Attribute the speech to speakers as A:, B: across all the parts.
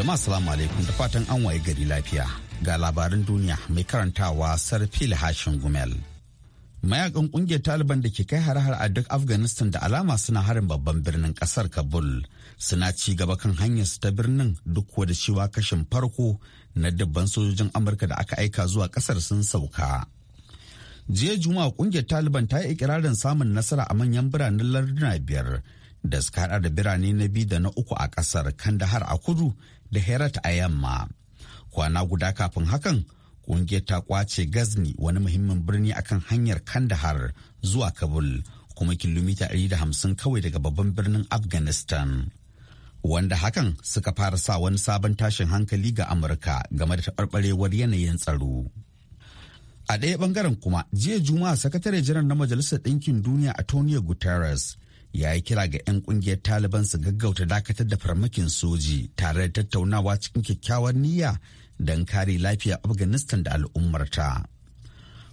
A: Jama'a salamu alaikum da fatan an waye gari lafiya. Ga labarin duniya mai karantawa Sarfil Hashin Gumel. Mayakan kungiyar Taliban da ke kai har-har a duk Afghanistan da alama suna harin babban birnin kasar Kabul suna ci gaba kan hanyar su ta birnin duk da cewa kashin farko na dubban sojojin Amurka da aka aika zuwa kasar sun sauka. Jiya Juma'a kungiyar Taliban ta yi ikirarin samun nasara a manyan biranen larduna biyar da suka hada da birane na biyu da na uku a kasar kandahar a kudu da herat a yamma kwana guda kafin hakan ƙungiyar ta kwace gazni wani muhimmin birni akan hanyar kandahar zuwa kabul kuma kilomita 150 kawai daga babban birnin afghanistan wanda hakan suka fara sa wani sabon tashin hankali ga amurka game da taɓarɓarewar yanayin tsaro a ɗaya ɓangaren kuma jiya juma'a sakatare janar na majalisar ɗinkin duniya a antonio guterres ya yi kira ga 'yan kungiyar taliban su gaggauta dakatar da farmakin soji tare da tattaunawa cikin kyakkyawar niyya don kare lafiya afghanistan da al'ummarta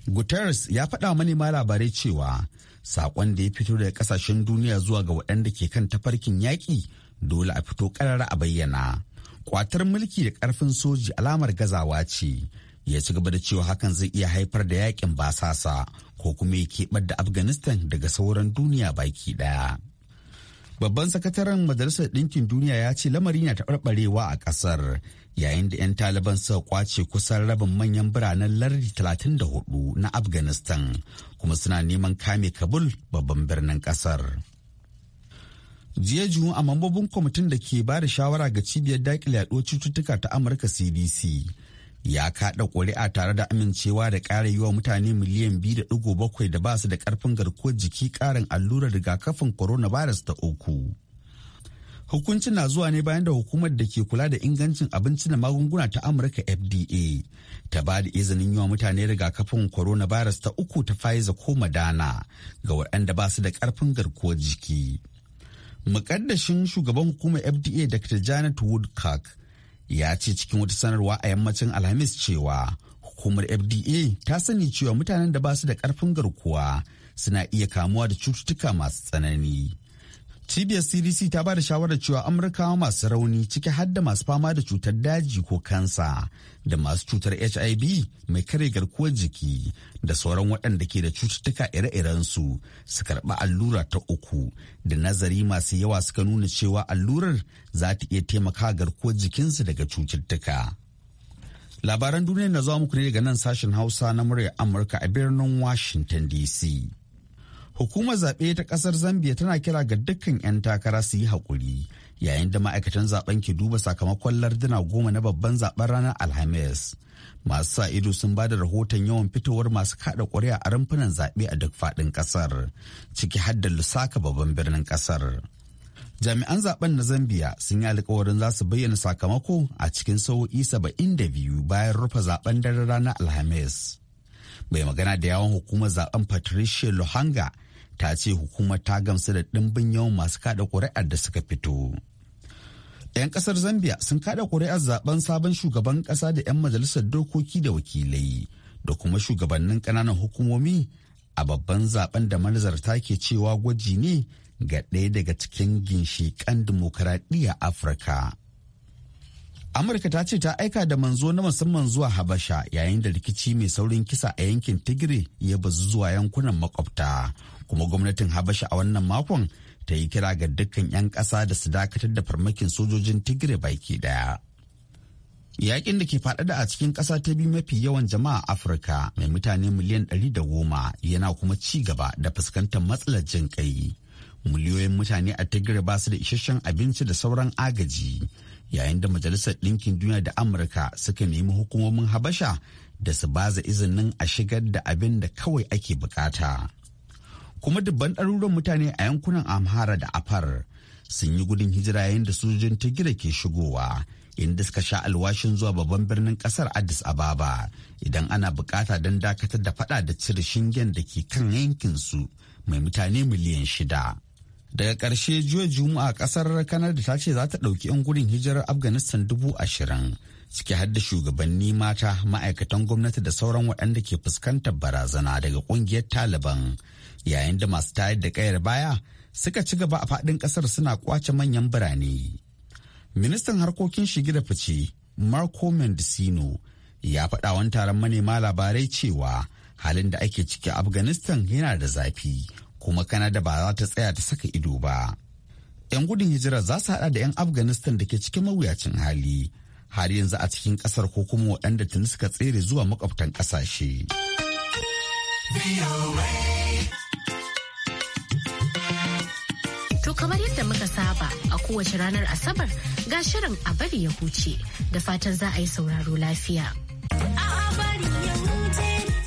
A: guterres ya faɗa manema labarai cewa saƙon da ya fito daga ƙasashen duniya zuwa ga waɗanda ke kan tafarkin yaƙi dole a fito ƙarara a bayyana kwatar mulki da ƙarfin soji alamar gazawa ce ya ci gaba da cewa hakan zai iya haifar da yakin basasa ko kuma ya keɓar da afghanistan daga sauran duniya baki ɗaya babban sakataren majalisar ɗinkin duniya ya ce lamari na taɓarɓarewa a ƙasar yayin da 'yan taliban suka kwace kusan rabin manyan biranen lardi 34 na afghanistan kuma suna neman kame kabul babban birnin ƙasar jiya a mambobin kwamitin da ke ba da shawara ga cibiyar daƙile yaɗuwar cututtuka ta amurka cdc ya kaɗa ƙuri'a tare da amincewa da ƙara yi wa mutane miliyan 2.7 da ba su da ƙarfin garkuwar jiki ƙarin allurar rigakafin coronavirus ta uku. Hukuncin na zuwa ne bayan da hukumar da ke kula da ingancin abinci da magunguna ta Amurka FDA ta ba da izinin yi wa mutane rigakafin coronavirus ta uku ta Pfizer ko Madana ga waɗanda ba su da ƙarfin garkuwar jiki. Mukaddashin shugaban hukumar FDA Dr. Janet Woodcock ya ce cikin wata sanarwa a yammacin alhamis cewa hukumar fda ta sani cewa mutanen da ba su da karfin garkuwa suna iya kamuwa da cututtuka masu tsanani cibiyar cdc ta ba da shawarar cewa amurkawa masu rauni ciki har da masu fama da cutar daji ko kansa da masu cutar hiv mai kare garkuwar jiki da sauran waɗanda ke da cututtuka ire iren su su karɓi allura ta uku da nazari masu yawa suka nuna cewa allurar za ta iya taimaka garkuwar jikinsu daga cututtuka labaran duniya na zuwa muku ne daga nan sashen hausa na muryar amurka a birnin washington dc Hukumar zaɓe ta ƙasar Zambia tana kira ga dukkan 'yan takara su yi haƙuri yayin da ma'aikatan zaben ke duba sakamakon larduna goma na babban zaben ranar Alhamis. Masu sa ido sun ba da rahoton yawan fitowar masu kaɗa ƙuri'a a rumfunan zaɓe a duk faɗin ƙasar, ciki har da Lusaka babban birnin ƙasar. jami'an zaben na zambia sun yi alkawarin za su bayyana sakamako a cikin sa'o'i saba'in da biyu bayan rufe zaben dare ranar alhamis mai magana da yawon hukumar zaben patricia lohanga ta ce hukumar ta gamsu da ɗimbin yawan masu kada ƙuri'ar da suka fito. 'Yan ƙasar Zambia sun kada ƙuri'ar zaben sabon shugaban ƙasa da 'yan majalisar dokoki da wakilai da kuma shugabannin ƙananan hukumomi a babban zaben da manazarta ke cewa gwaji ne ga ɗaya daga cikin ginshiƙan dimokuraɗiyya Afirka. amurka ta ce ta aika da manzo na musamman zuwa habasha yayin da rikici mai saurin kisa a yankin tigray ya bazu zuwa yankunan makwabta kuma gwamnatin habasha a wannan makon ta yi kira ga dukkan 'yan ƙasa da su dakatar da farmakin sojojin tigray baki daya yakin da ke faɗaɗa a cikin ƙasa ta biyu mafi yawan jama'a afirka mai mutane miliyan ɗari da goma yana kuma ci gaba da fuskantar matsalar jin miliyoyin mutane a tigray ba su da isasshen abinci da sauran agaji yayin da majalisar ɗinkin duniya da amurka suka nemi hukumomin habasha da su baza izinin a shigar da abin da kawai ake bukata kuma dubban ɗaruruwan mutane a yankunan amhara da afar sun yi gudun hijira yayin da sojojin tigira ke shigowa inda suka sha alwashin zuwa babban birnin kasar addis ababa idan ana bukata don dakatar da fada da cire shingen da ke kan yankinsu mai mutane miliyan shida daga ƙarshe jiya juma'a ƙasar da ta ce za ta ɗauki 'yan gudun hijirar afghanistan dubu ashirin ciki har da shugabanni mata ma'aikatan gwamnati da sauran waɗanda ke fuskantar barazana daga ƙungiyar taliban yayin da masu tayar da ƙayar baya suka ci gaba a faɗin ƙasar suna kwace manyan birane ministan harkokin shige da fice marco mendicino ya faɗa wani taron manema labarai cewa halin da ake ciki afghanistan yana da zafi kuma kanada ba za ta tsaya ta saka ido ba 'yan gudun hijira za su hada da 'yan afghanistan da ke cikin mawuyacin hali har yanzu a cikin kasar ko kuma waɗanda tuni suka tsere zuwa makwabtan ƙasashe.
B: To kamar yadda muka saba a kowace ranar Asabar ga shirin a bari ya huce da fatan za a yi sauraro lafiya. A bari ya huce.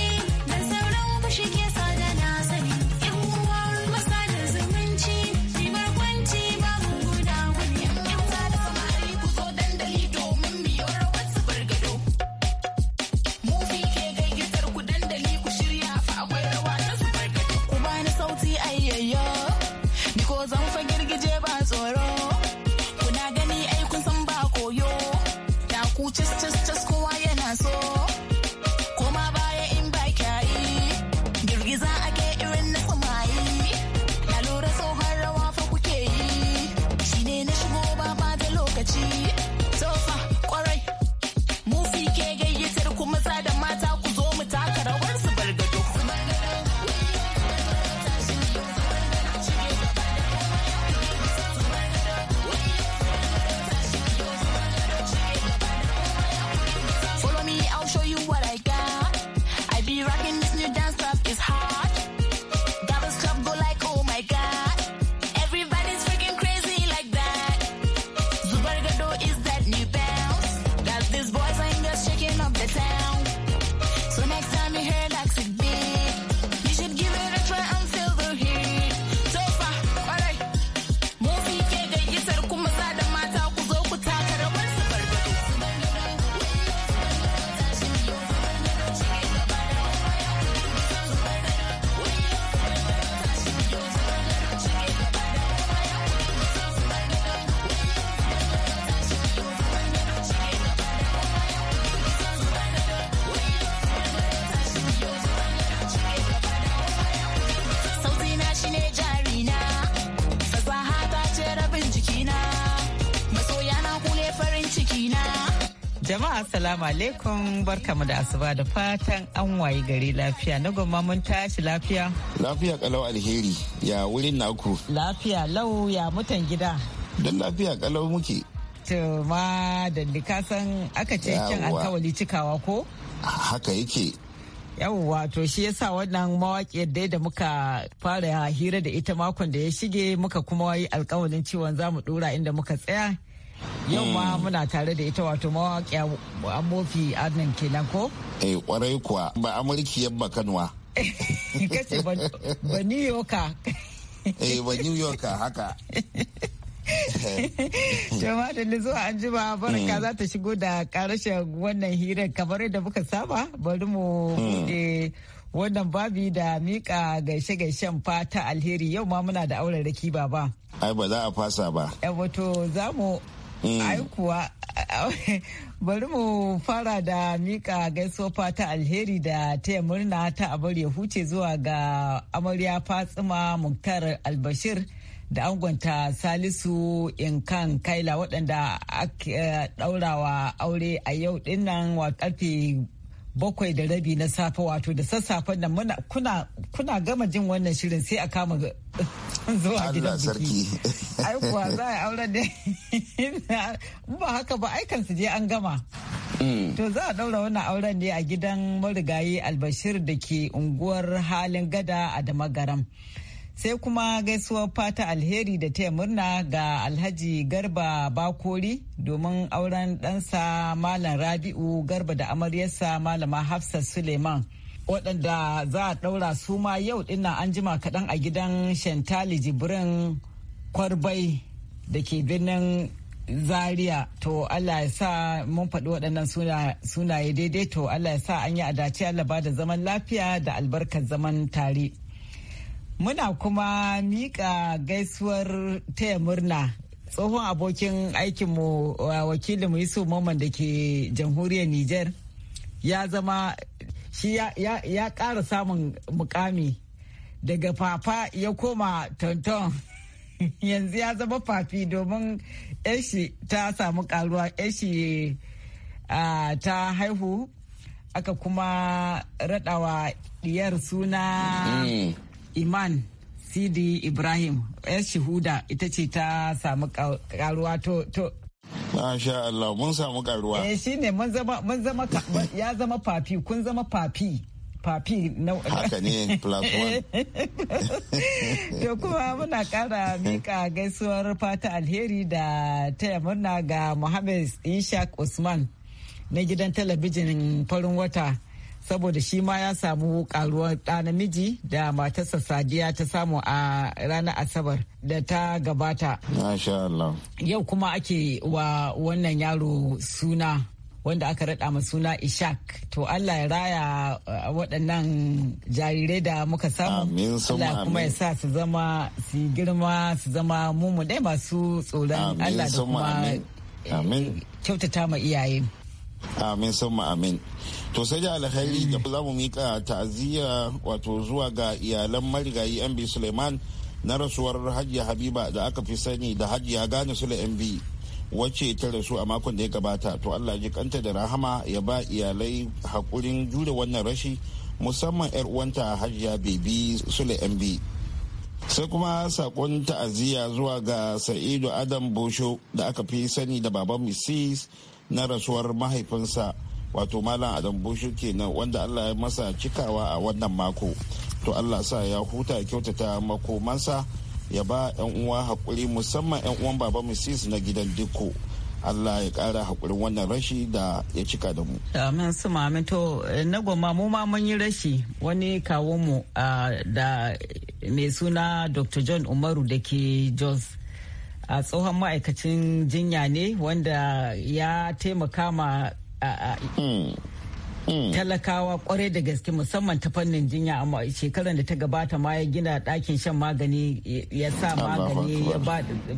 C: Jama'a salamu alaikum barkamu da asuba da fatan an wayi gari lafiya na gwamma mun tashi lafiya.
D: Lafiya kalau alheri ya wurin naku.
C: Lafiya lau ya mutan gida. Don lafiya kalau muke. To ma da likasan aka ce kin alkawali cikawa ko?
D: Haka yake.
C: yawwa to shi yasa wannan mawaƙiyar dai da muka fara hira da ita makon da ya shige muka kuma yi alkawalin ciwon za mu dora inda muka tsaya yau ma hmm. muna tare da ita wato mawaƙiya amofi adnan kenan ko?
D: eh kwarai kuwa ba amurki yamma kanwa
C: kace ba new York.
D: eh ba new York haka
C: jama da zuwa an jima baraka hmm. za ta shigo da karashe wannan hirar kamar yadda muka saba bari mu hmm. bude wannan babi da mika gaishe-gaishen fata alheri yau ma muna da auren raki baba.
D: Ai ba za a fasa ba.
C: Wato za mu Mm. Aikuwa bari mu fara da mika gaisofa ta alheri da taya murna ta abar ya huce zuwa ga amarya fatsima muktar albashir da angonta salisu inkan kaila waɗanda aka eh, ɗaurawa aure a yau dinnan wa karfe bakwai da rabi na safe wato da sassafen nan muna kuna kuna gama jin wannan shirin sai a kama zuwa gidan biki ai kuwa za a aure da ba haka ba aikan su je an gama mm. to za a daura wannan auren ne a gidan marigayi albashir da ke unguwar halin gada a damagaram. garam sai kuma gaisuwar fata alheri da taya murna ga alhaji garba bakori domin auren ɗansa malam rabi'u garba da amaryarsa malama hafsa suleiman waɗanda za a ɗaura su ma yau ɗinnan an jima kaɗan a gidan shantali jibrin kwarbai da ke birnin zaria to allah ya sa mun faɗi waɗannan sunaye daidai to allah ya sa an yi dace allah ba da zaman lafiya da albarkar zaman tare Muna kuma mika gaisuwar taya murna tsohon abokin aikinmu wakilinmu Yusuf Maman da ke jamhuriyar Nijar ya zama shi ya ƙara samun mukami daga fafa ya koma tonton yanzu ya zama fafi domin eshi ta samu karuwa eshi ta haihu aka kuma raɗawa diyar suna mm. iman sidi ibrahim yar shahuda ita ce ta samu karuwa to to.
D: Masha Allah mun samu karuwa. Eh
C: shi ne mun zama mun zama ya zama papi kun zama papi papi na haka ne plus one. To kuma muna kara mika gaisuwar fata alheri da taya murna ga Muhammad Ishaq Usman na gidan talabijin farin wata. saboda shi ma ya samu karuwar ɗa namiji da matarsa sadiya ta samu a ranar asabar da ta gabata yau kuma ake wa wannan yaro suna wanda aka raɗa ma suna ishak to allah ya raya uh, waɗannan jarirai da muka samu allah kuma ya sa su zama su girma su zama mummu dai masu tsoron allah da kuma eh, kyautata ma iyaye
D: amin sama amin to sai da alkhairi da za mu mika ta'aziyya wato zuwa ga iyalan marigayi mb suleiman na rasuwar hajiya habiba da aka fi sani da hajiya gane sule mb wacce ta rasu a makon da ya gabata to allah ji kanta da rahama ya ba iyalai hakurin jure wannan rashi musamman yar uwanta hajiya bibi sule mb sai kuma sakon ta'aziyya zuwa ga sa'idu adam bosho da aka fi sani da baban mrs na rasuwar mahaifinsa wato malam adam bushe kenan wanda allah ya masa cikawa a wannan mako to allah sa ya huta kyautata makomansa ya ba 'yan uwa haƙuri musamman 'yan uwan baba musis na gidan dikko Allah ya ƙara haƙurin wannan rashi da ya cika da mu.
C: Amin su mami to eh, na goma mu ma mun yi rashi wani kawo mu ah, da mai suna Dr. John Umaru da ke Jos a tsohon ma'aikacin jinya ne wanda ya taimaka ma talakawa kwarai da gaske musamman ta fannin jinya amma shekarar da ta gabata ma ya gina ɗakin shan magani ya sa magani ya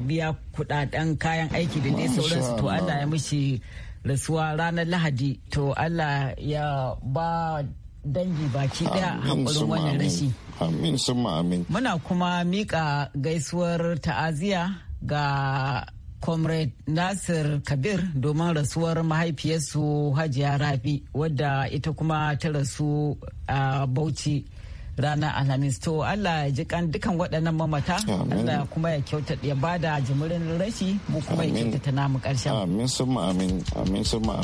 C: biya kudaden kayan aiki da dai sauransu to Allah ya mishi rasuwa ranar lahadi to Allah ya ba dangi baki daya hankulin wannan rashi
D: amin summa amin
C: muna kuma mika gaisuwar ta'aziya ga comrade nasir kabir domin rasuwar mahaifiyarsu hajiya rafi wadda ita kuma ta rasu a bauchi ranar alhamis to allah ya ji kan dukan waɗannan mamata allah kuma ya kyauta ya ba da jimirin rashi mu kuma ya kyautata namu ƙarshen amin summa amin
D: amin summa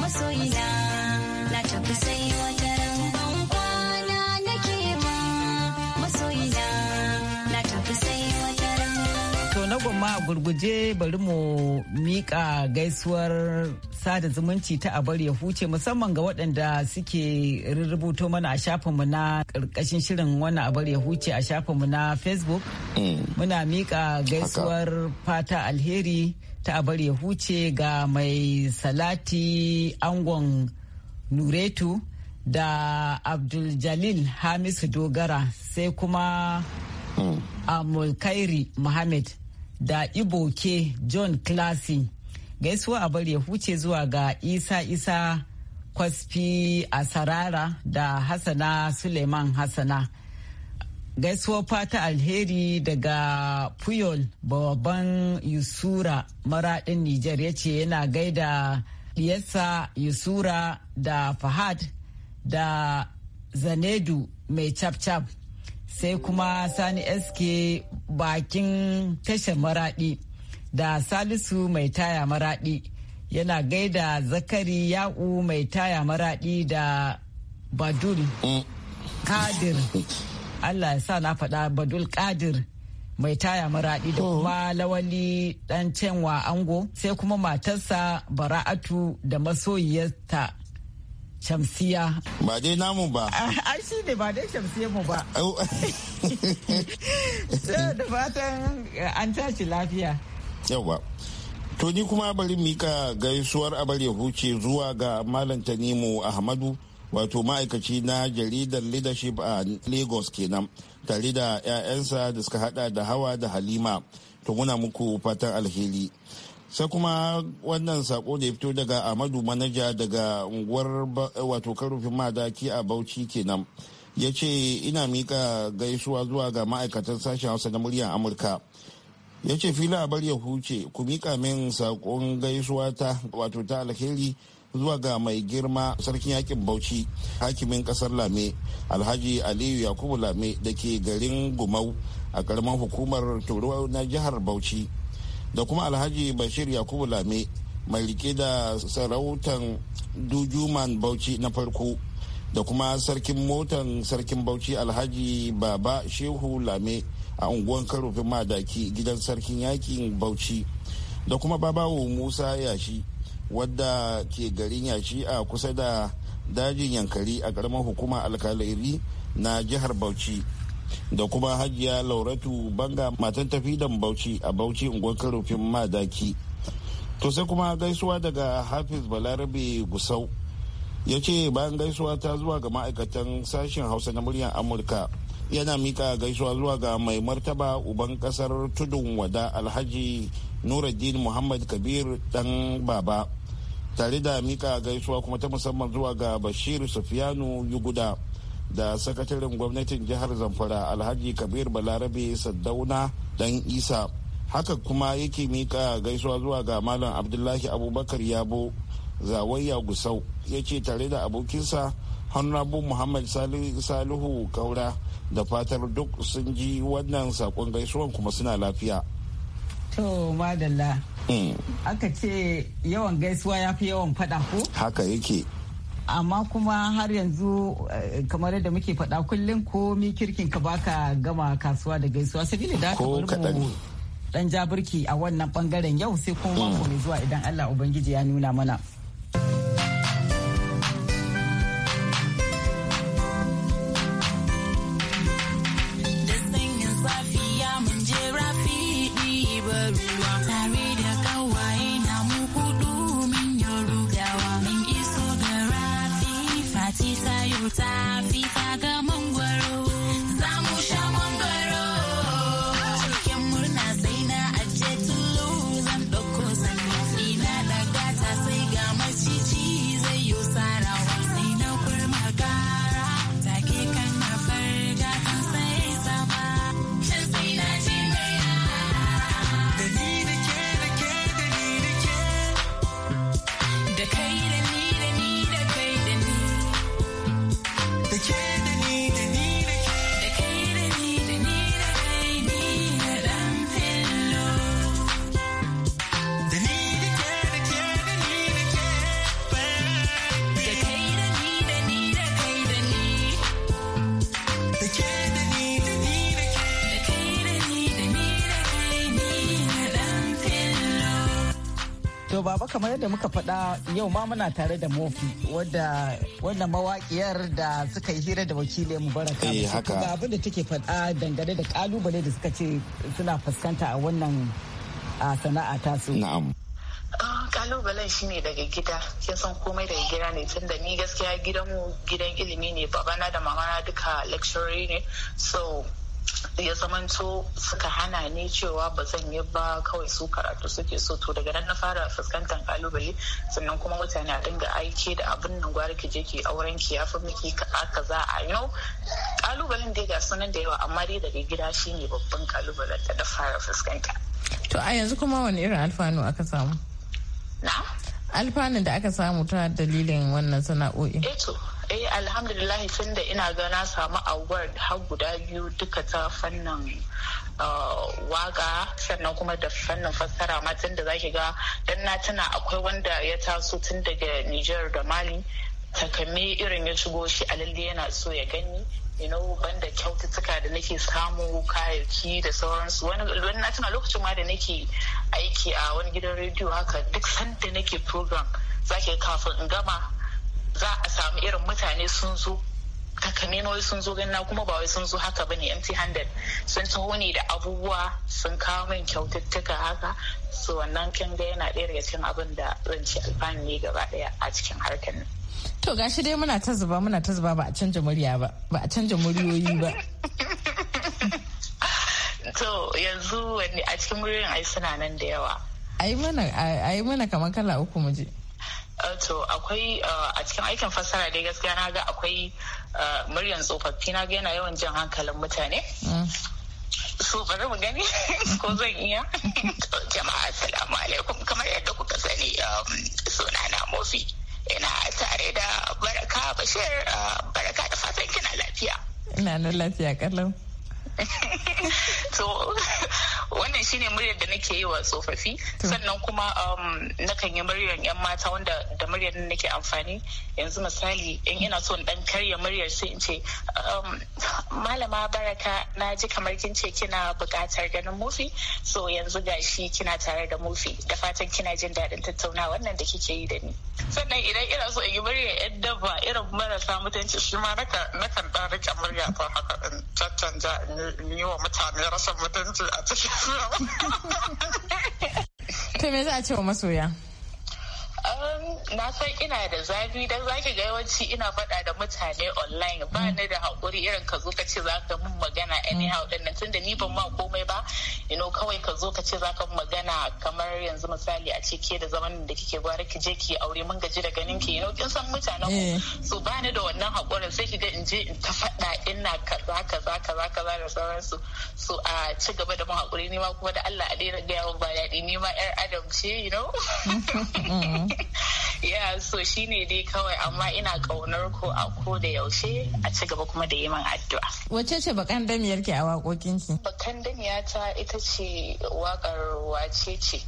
B: masoyina
C: na gwamma a gurguje bari mu mika gaisuwar sada zumunci ta abar ya huce musamman ga waɗanda suke rubuto mana a shafinmu na ƙarƙashin shirin wannan abar ya huce a shafinmu na facebook mm. muna mika gaisuwar fata alheri ta abar ya huce ga mai salati angon nuretu da abdul-jalil hamisu dogara sai kuma mm. amulkairi muhammad da iboke john classy gaisuwa a bari ya huce zuwa ga isa isa kwasfi a sarara da hassana suleiman hassana gaisuwa fata alheri daga puyol babban yusura maradin nijar ya ce yana gaida diyarsa yusura da fahad da zanedu mai cap-cap sai kuma sani sk bakin tashar maradi da salisu mai taya maradi yana gaida zakari ya'u mai taya maradi da badul kadir allah ya sa na faɗa badul kadir mai taya maradi da kuma lawali dan canwa ango sai kuma matarsa bara'atu da masoyiyarta
D: shamsiya ba dai namu ba ah, ai shi ne ba dai shamsiya mu ba da fatan eh, an tashi lafiya yawa to ni kuma bari mu mika gaisuwar abar ya huce zuwa ga malam tanimu ahmadu wato ma'aikaci na jaridar leadership a lagos kenan tare da 'ya'yansa da suka hada da hawa da halima to muna muku fatan alheri sai kuma wannan sako da ya fito daga amadu manaja daga unguwar wato karufin madaki a bauchi kenan ya ce ina mika gaisuwa zuwa ga ma'aikatan sashen hausa na muryar amurka ya ce fila a bar ya huce ku mika min sakon gaisuwa ta wato ta alheri zuwa ga mai girma sarkin yakin bauchi hakimin kasar lame alhaji aliyu yakubu lame da ke garin gumau a karamar hukumar turuwa na jihar bauchi da kuma alhaji bashir yakubu lame mai rike da sarautan dujuman bauchi na farko da kuma sarkin motan sarkin bauchi alhaji baba shehu lame a unguwan karofin madaki gidan sarkin yakin bauchi da kuma babawo musa yashi wadda ke garin yashi a kusa da dajin yankari a karamar hukuma alkalairi na jihar bauchi da kuma hajiya lauratu banga matan tafi da bauchi a bauchi unguwar karofin madaki to sai kuma gaisuwa daga hafiz balarabe gusau ya ce bayan gaisuwa ta zuwa ga ma'aikatan sashen hausa na muryar amurka yana mika gaisuwa zuwa ga mai martaba uban kasar tudun wada alhaji nuruddin muhammad kabir dan baba tare da mika gaisuwa kuma ta musamman zuwa ga bashir sufiyanu yuguda da sakataren gwamnatin jihar zamfara alhaji kabir balarabe saddauna dan isa haka kuma yake mika gaisuwa zuwa ga malam abdullahi abubakar yabo zawayya gusau ya ce tare da abokinsa honorable muhammad salihu kaura da fatar duk sun ji wannan sakon gaisuwan kuma suna lafiya
C: madalla mm. aka ce yawan gaisuwa ya fi yawan fada ko haka yake amma kuma har yanzu eh, kamar yadda muke faɗa kullum ko mi kirkin ka baka gama kasuwa da gaisuwa sabili da aka mu dan jabirki a wannan bangaren yau sai kuma mu mai zuwa idan Allah ubangiji ya nuna mana kamar yadda muka faɗa yau ma muna tare da mofi wadda wannan mawakiyar da suka yi hira da wakilin mubaraka eh, haka ga abin da take faɗa dangane da kalubale da suka ce suna fuskanta a wannan a sana'a tasu
D: na'am kalubalen ah, shi ne daga gida kin san komai daga gida ne tunda ni gaskiya
E: gidanmu gidan ilimi ne babana da mamana duka lecturer ne so ya zamanto suka hana ne cewa ba zan yi ba kawai su karatu suke so to daga nan na fara fuskantar kalubale sannan kuma mutane a dinga aiki da abin nan gwara ki je ki auren ki yafi miki aka za a yau kalubalen ya ga sunan da yawa amma dai daga gida shine babban kalubalen da na fara fuskanta to a yanzu kuma wani irin alfanu aka samu na alfanun da aka samu ta dalilin wannan sana'o'i eh eh alhamdulillah tun da ina ga na samu award har guda biyu duka ta fannin uh, waka sannan kuma da fannin fassara ma tun da zaki ga dan na tuna akwai wanda ya taso tun daga Nijar da Mali takame irin ya shigo shi a lalle yana so ya gani you know banda kyaututtuka da nake samu kayayyaki da sauransu wani na tuna lokacin ma da nake aiki a wani gidan rediyo haka duk sanda nake program zaki kafin in gama za a samu irin mutane sun zo takamaiman sun zo ganna kuma ba wai sun zo haka ba ne empty handed sun taho ne da abubuwa sun kawo min kyaututtuka haka so wannan kin ga yana ɗaya daga cikin abin da zan ce alfani ne gaba ɗaya a cikin harkar nan. to gashi dai muna ta zuba muna ta zuba ba a canja murya ba ba a canja muryoyi ba. to yanzu wani a cikin muryoyin ai suna nan da yawa. ai mana ai mana kamar kala uku mu je. Uh, to akwai uh, a cikin aikin fasara dai gaskiya na ga akwai uh, muryan tsofaffi na ga yana yawan jan hankalin mutane mm. so bari mu gani ko zan iya jama'a assalamu alaikum kamar yadda kuka sani um, sunana mofi ina tare da baraka bashir baraka da fatan kina lafiya ina na lafiya kallon to wannan shine muryar da nake yi wa tsofaffi sannan kuma um, nakan yi muryar yan mata wanda da muryar nan nake amfani yanzu misali in ina so dan karya muryar sai in ce um, malama baraka na ji kamar kin ce kina buƙatar ganin mufi so yanzu gashi kina tare da mufi da fatan kina jin daɗin tattauna wannan da kike yi da ni sannan idan ina so in yi murya yan dabba irin marasa mutunci shi ma nakan ɗan rike murya ta haka in caccanja
A: in yi wa mutane rashin mutunci a cikin
E: To me za a ce wa masoya? na san ina da zafi dan zaki ga yawanci ina faɗa da mutane online ba ni da haƙuri irin ka zo ka ce za ka mun magana anyhow din nan tunda ni ban ma komai ba ino kawai ka zo ka ce za ka mun magana kamar yanzu misali a ce ke da zaman da kike gwara ki je ki aure mun gaji da ganin ki ino kin san mutanen ku eh. so ba ni da wannan haƙurin sai ki ga in je in ta faɗa ina kaza kaza kaza kaza da sauransu so a ci gaba da mun haƙuri ni ma kuma da Allah a daina gaya wa ba ni ma 'yar adam ce you know mm-hmm. ya so shi ne dai kawai amma ina ƙaunar ko a ko da yaushe a ci gaba kuma da yi min addu'a wace ce bakan damiyar ke a waƙoƙin ki bakan damiya ita ce waƙar wace ce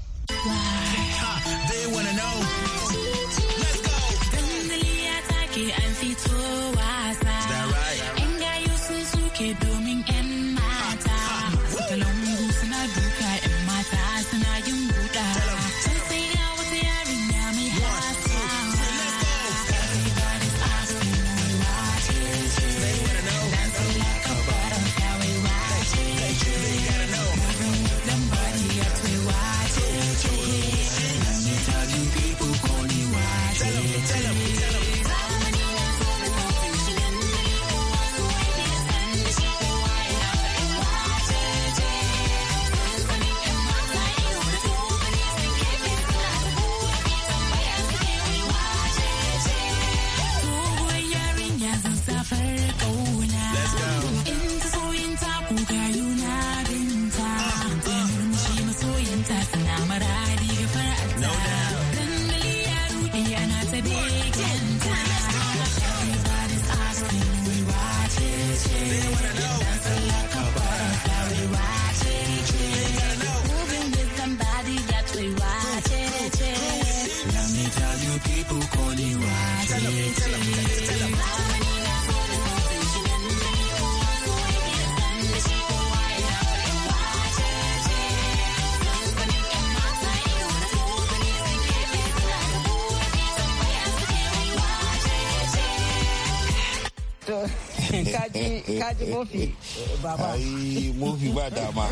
D: mofi ba dama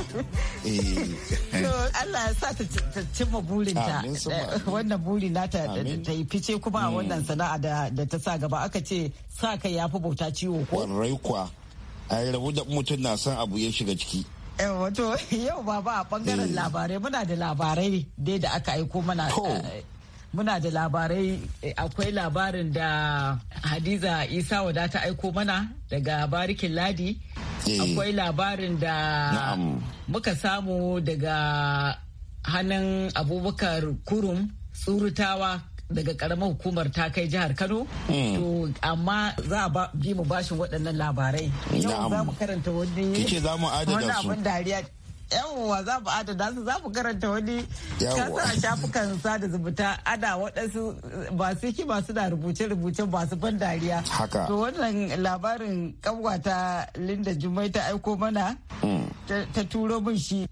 D: eh.
C: Allah ya sa ta cimma burinta eh, wannan buri nata ta yi fice kuma a mm. wannan sana'a da ta sa gaba
D: aka ce sa kai ya fi bauta ciwo ko kwa a rabu da mutum na son abu ya shiga ciki
C: eh, wato yau baba a bangaren labarai muna da labarai dai da aka aiko mana muna da labarai eh, akwai labarin da hadiza isa wada ta aiko mana daga barikin ladi eh. akwai labarin da muka samu daga hannun abubakar kurum tsurutawa daga karamar hukumar ta kai jihar Kano. Hmm. To amma za a bi mu bashin waɗannan labarai. Yau za mu karanta Wani abin dariya. yawwa za mu adana su za mu karanta wani kasa a shafukan sada zumunta ada waɗansu masu su suna rubuce-rubuce masu ban dariya. Haka. To wannan labarin ta Linda Jumai ta aiko mana mm. ta turo min shi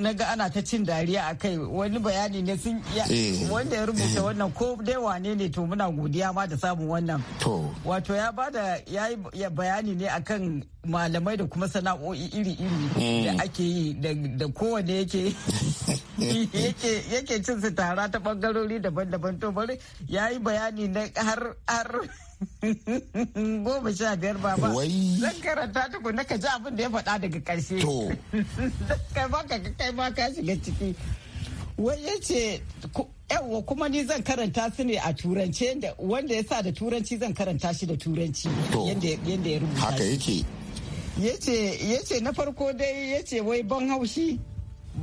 C: na ga ana ta cin dariya a kai wani bayani ne sun eh. wanda ya rubuta eh. wannan ko dai wane ne to muna godiya ma da samun wannan. To. Wato ya bada ya yi bayani ne akan malamai da kuma sana'o'i iri-iri mm. da ake yi da da kowane yake yake cin su tara ta bangarori daban-daban to bari ya yi bayani na har har goma sha biyar ba zan karanta tuku na ka ji abin da ya faɗa daga ƙarshe kai ma ka kai ma ka shiga ciki wai ya ce yawwa kuma ni zan karanta su ne a turance wanda ya sa da turanci zan karanta shi da turanci yadda ya rubuta haka yake ya ce na farko dai ya ce wai ban haushi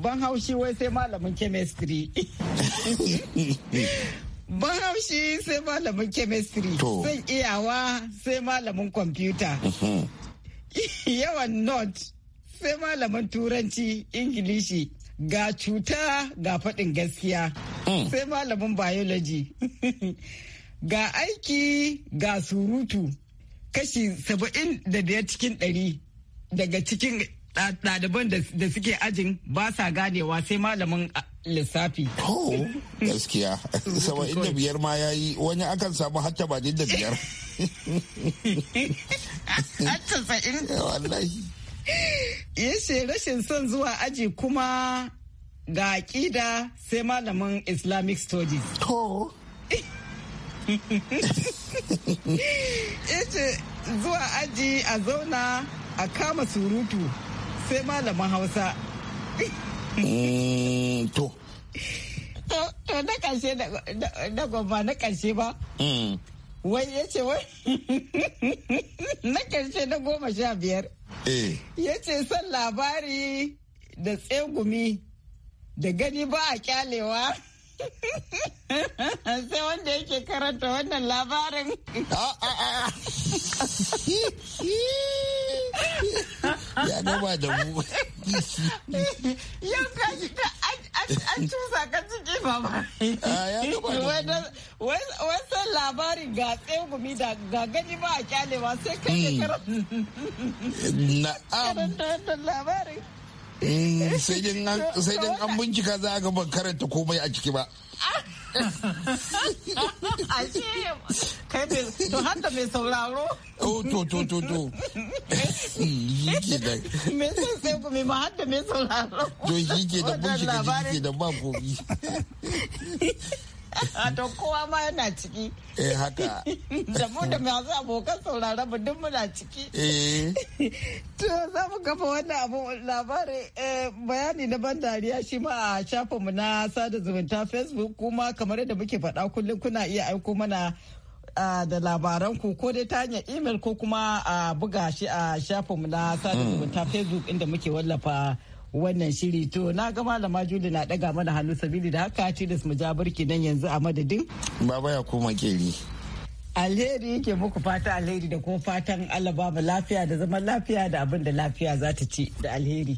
C: ban haushi wai sai malamin chemistry ban haushi sai malamin chemistry zan iyawa sai malamin kwamfuta mhm. yawan not sai malamin turanci ingilishi ga cuta ga faɗin gaskiya mm. sai malamin biology ga aiki ga surutu kashi saba'in da daya cikin ɗari daga cikin ɗaliban da suke ajin ba sa ganewa sai malamin lissafi. Oh,
D: gaskiya. Saba'in da biyar ma ya yi wani akan samu hatta ba da biyar. Hatta sa'in. Wallahi.
C: Yeshe rashin son zuwa aji kuma ga ƙida sai malamin Islamic Studies. Oh. yace zuwa aji a zauna a kama surutu sai malaman hausa mm, to na ƙarshe na gwamma na ƙarshe ba mm. wai ya ce wai na ƙarshe na goma sha biyar eh. ya ce son labari da tsegumi da gani ba a kyalewa sai wanda yake karanta wannan labarin ya gaba da mu yau ka shi ta an cusa ka ciki baba wasu labarin ga tsegumi gumi da gagani ba a kyalewa sai kai ya
D: hmm.
C: karanta wannan labarin
D: Eh, sai dai an bincika za a ga ban karanta komai a ciki ba
C: ashe da
D: ba komi
C: to kowa ma yana ciki eh haka da mu da masu abokan sauraron mu duk muna ciki eh to za mu gaba wannan abu labari eh, bayani na ban dariya shi ma a shafin mu na sada zumunta facebook kuma kamar yadda muke faɗa kullum kuna iya aiko mana da labaran ku ko dai ta hanyar email ko kuma a buga shi a shafinmu na sada hmm. zumunta facebook inda muke wallafa wannan shiri to na ga malama juli na daga mana hannu sabili da haka ce da mu ja nan yanzu a madadin
D: baba ya koma keri
C: alheri yake muku fata alheri da kuma fatan allah ba lafiya da zaman lafiya da abin da lafiya za ta ci da alheri